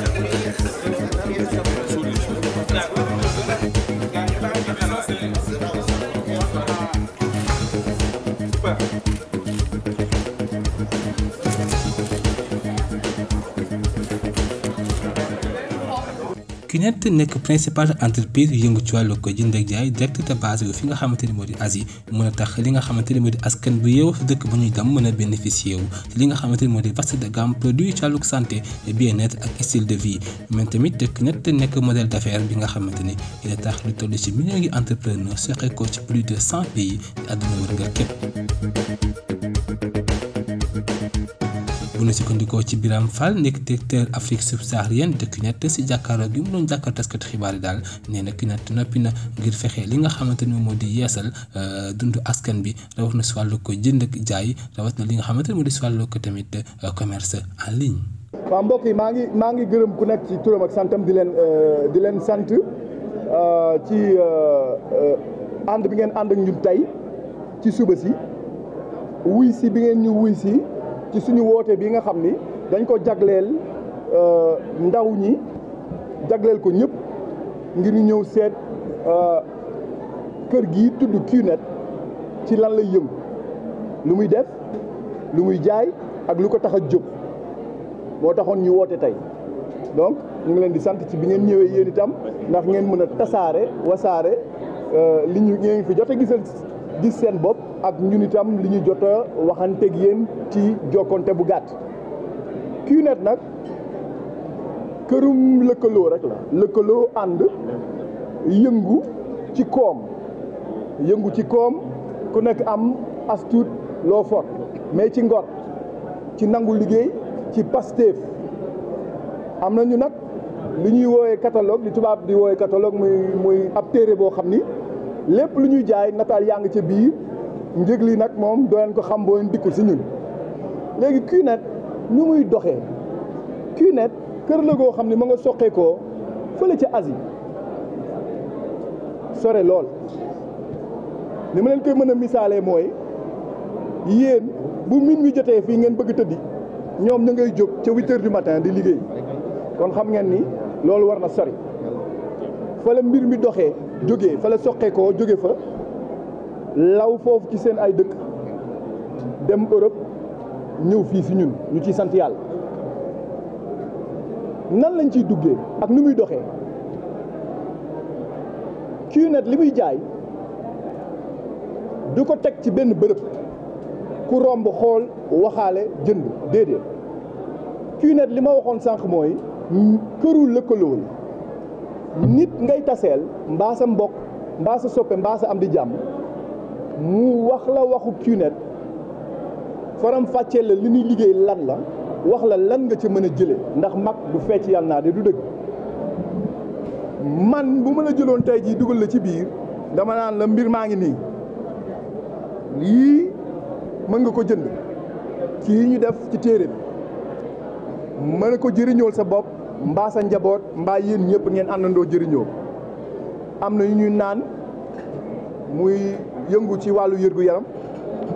para poder Kinet nekk principale entreprise yu yëngu ci wàllu ko jënd jaay direct te basé wu fi nga xamante ni moo di Asie mën a tax li nga xamante ni askan bu yeewu sa dëkk ba ñuy dem mën a bénéficier wu ci li nga xamante ni moo di vaste de gamme produit ci wàllu santé bien-être ak style de vie mais tamit Kinet nekk modèle d'affaires bi nga xamante ni dina tax lu toll ci millions yi entrepreneur soxe ko ci plus de cent pays ci àdduna wër nga képp bu ñu sukkandikoo ci Birame Fall nekk directeur Afrique subsaharienne de CNET si jàkkaarloo gi mu doon jàkkaar taskati xibaar yi daal nee na noppi na ngir fexee li nga xamante ni moo di yeesal euh, dundu askan bi rawat na si wàllu ko jënd ak jaay rawat na li nga xamante ni moo di si wàllu ko tamit euh, commerce en ligne. waaw mbokk yi maa ngi maa ngi gërëm ku nekk ci turam ak santam di leen euh, di leen sant ci ànd bi ngeen ànd ak ñun tey ci suba si wuy si bi ngeen ñu wuy si. ci suñu wootee bi nga xam ni dañ ko jagleel euh, ndaw ñi jagleel ko ñëpp ngir ñu ñëw seet euh, kër gi tudd QNET ci lan lay yëngu lu muy def lu muy jaay ak lu ko tax a jóg moo taxoon ñu woote tey donc ñu ngi leen di sant ci bi ngeen ñëwee yéen itam ndax ngeen mën a tasaare wasaare euh, li ñu ngeen fi jot a gisal gis seen bopp ak ñun itam li ñu jot a waxanteeg yéen ci jokkonte bu gàtt QNET nag kërum lëkkaloo rek lëkkaloo ànd yëngu ci koom yëngu ci koom ku nekk am astut loo fort mais ci ngor ci nangu liggéey ci Pastef am nañu nag li ñuy woowee catalogue li tubaab di woowee catalogue muy muy ab téere boo xam ni lépp lu ñuy jaay nataal yaa ngi ca biir njëg li nag moom doo ko xam boo leen dikkul si ñun léegi QNET ñu muy doxee QNET kër la goo xam ne ma nga soqeekoo fële ci asi sore lool li ma leen koy mën a misaalee mooy yéen bu min wi jotee fii ngeen bëgg tëddi ñoom ñu ngay jóg ca huit heures du matin di liggéey kon xam ngeen ni loolu war na sori fa mbir mi doxee jóge fa la soqeekoo jóge fa law foofu ci seen ay dëkk dem Europe ñëw fii si ñun ñu ci sant yàlla nan lañ ciy duggee ak nu muy doxee QNET li muy jaay du ko teg ci benn bërëb ku romb xool waxaale jënd déedéet QNET li ma waxoon sànq mooy këru lëkkaloo nit ngay taseel mbaa sa mbokk mbaa sa soppe mbaa sa am di jàmm mu wax la waxu CUNED faram fàccee la li ñuy liggéey lan la wax la lan nga ca mën a jëlee ndax mag du fecc yàlla naa de du dëgg man bu ma la jëloon tey jii dugal la ci biir dama naan la mbir maa ngi nii yii mën nga ko jënd ci yi ñu def ci téere bi mën ko jëriñool sa bopp mbaa sa njaboot mbaa yéen ñëpp ngeen àndandoo jëriñoo am na yu ñuy naan muy. yëngu ci wàllu yërgu-yaram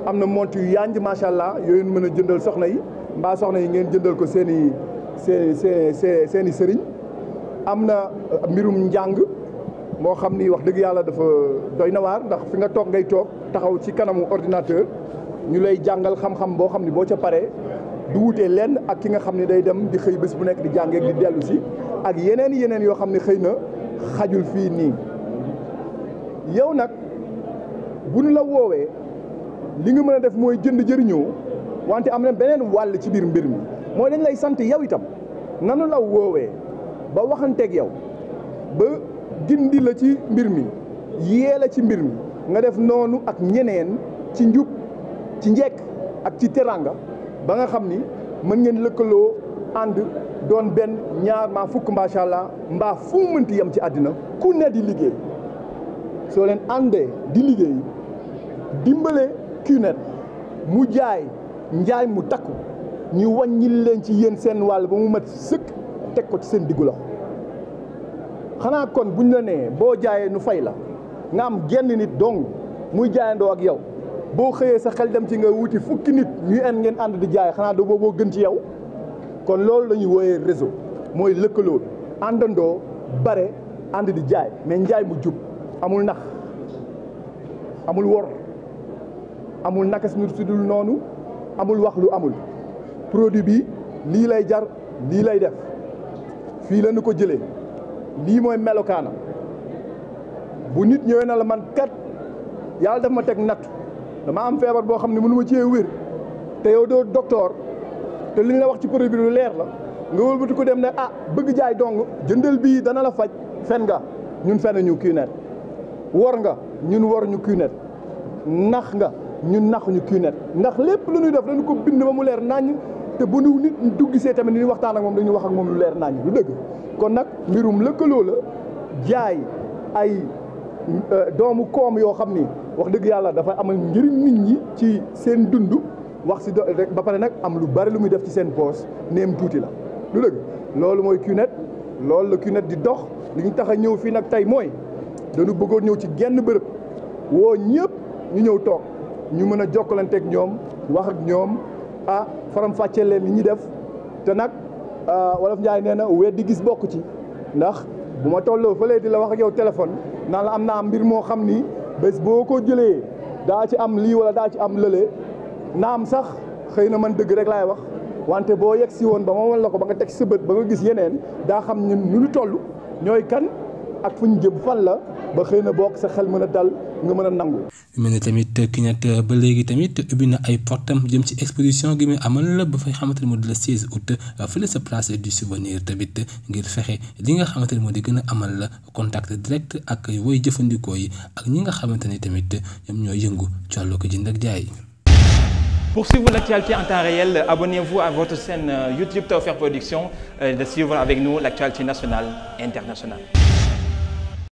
am na mont yu yanj macha allah yooyu mën a jëndal soxna yi mbaa soxna yi ngeen jëndal ko seeni i sëriñ am na uh, mbirum njàng moo xam ni wax dëgg yàlla dafa doy na waar ndax fi nga toog ngay toog taxaw ci kanamu ordinateur ñu lay jàngal xam-xam boo xam ni boo ca paree du wutee lenn ak ki nga xam ni day dem di xëy bés bu nekk di jàngee di dellu si ak yeneen yeneen yoo xam ne xëy na xajul fii nii yow nag bu ñu la woowee li nga mën a def mooy jënd jëriñoo wante am na beneen wàll ci biir mbir mi moo dañ lay sant yow itam nanu la woowee ba waxanteeg yow ba gindi la ci mbir mi yee la ci mbir mi nga def noonu ak ñeneen ci njub ci njek ak ci teranga ba nga xam ni mën ngeen lëkkaloo ànd doon benn ñaar maa fukk macha allah mbaa fu mënti yem ci àddina ku ne di liggéey soo leen àndee di liggéey dimbale QNET mu jaay njaay mu takku ñu wàññil leen ci yéen seen wàll ba mu mat sëkk teg ko ci seen diggu xanaa kon buñ la nee boo jaayee nu fay la nga am genn nit dong muy jaayandoo ak yow boo xëyee sa xel dem ci nga wuti fukki nit ñuy en ngeen ànd di jaay xanaa doo booboo gën ci yow kon loolu la ñuy wooyee réseau mooy lëkkaloo àndandoo bare ànd di jaay mais njaay mu jub amul nax amul wor amul naka suñu sudul noonu amul wax lu amul produit bi lii lay jar lii lay def fii la ñu ko jëlee lii mooy melokaana bu nit ñëwee na la man kat yàlla daf ma teg natt dama am feebar boo xam ne mënu ma cee te yow doo docteur te li la wax ci produit bi lu leer la nga wëlbati ko dem ne ah bëgg jaay dong jëndal bii dana la faj fen nga ñun fen ñu kiinet wor nga ñun wor ñu kiinet nax nga ñun naxuñu QNET ndax lépp lu ñuy def dañu ko bind ba mu leer naññ te bu nu nit dugg see tamit ni waxtaan ak moom dañuy wax ak moom lu leer naññ lu dëgg kon nag mbirum lëkkaloo la jaay ay euh, doomu koom yoo xam ni wax dëgg yàlla dafa amal njëriñ nit ñi ci seen dund wax si do ba pare nag am lu bari lu muy def ci seen poos neem tuuti la lu dëgg loolu mooy QNET loolu la QNET di dox li ñu tax a ñëw fii nag tey mooy dañu bëggoon ñëw ci genn bërëb woo ñëpp ñu ñëw toog ñu mën a jokkalante ak ñoom wax ak ñoom ah faram-fàccee leen li ñuy def te nag wolof Njaay nee na wéet di gis bokk ci ndax bu ma tolloo fële di la wax a yow téléphone naan la am naa mbir moo xam ni bés boo ko jëlee daa ci am lii wala daa ci am lële naam sax xëy na man dëgg rek laay wax wante boo yegg si woon ba ma wan la ko ba nga teg sa bët ba nga gis yeneen daa xam ñun ñu toll ñooy kan ak fu ñu jëm fan la. ba xëy na bokk sa xel mën a dal nga mën a nangu. mel ni tamit Kinect ba léegi tamit ubbi na ay portam jëm ci exposition gi muy amal la ba fay xamante ne moo di le 16 août fële sa place du souvenir tamit ngir fexe li nga xamante ne moo di gën a amal la contact direct ak woy jëfandikoo yi ak ñi nga xamante ne tamit ñoom ñoo yëngu ci wàllu ko jënd ak jaay. Pour suivre l'actualité en temps réel, abonnez-vous à votre chaîne YouTube Tawfekh Production et de suivre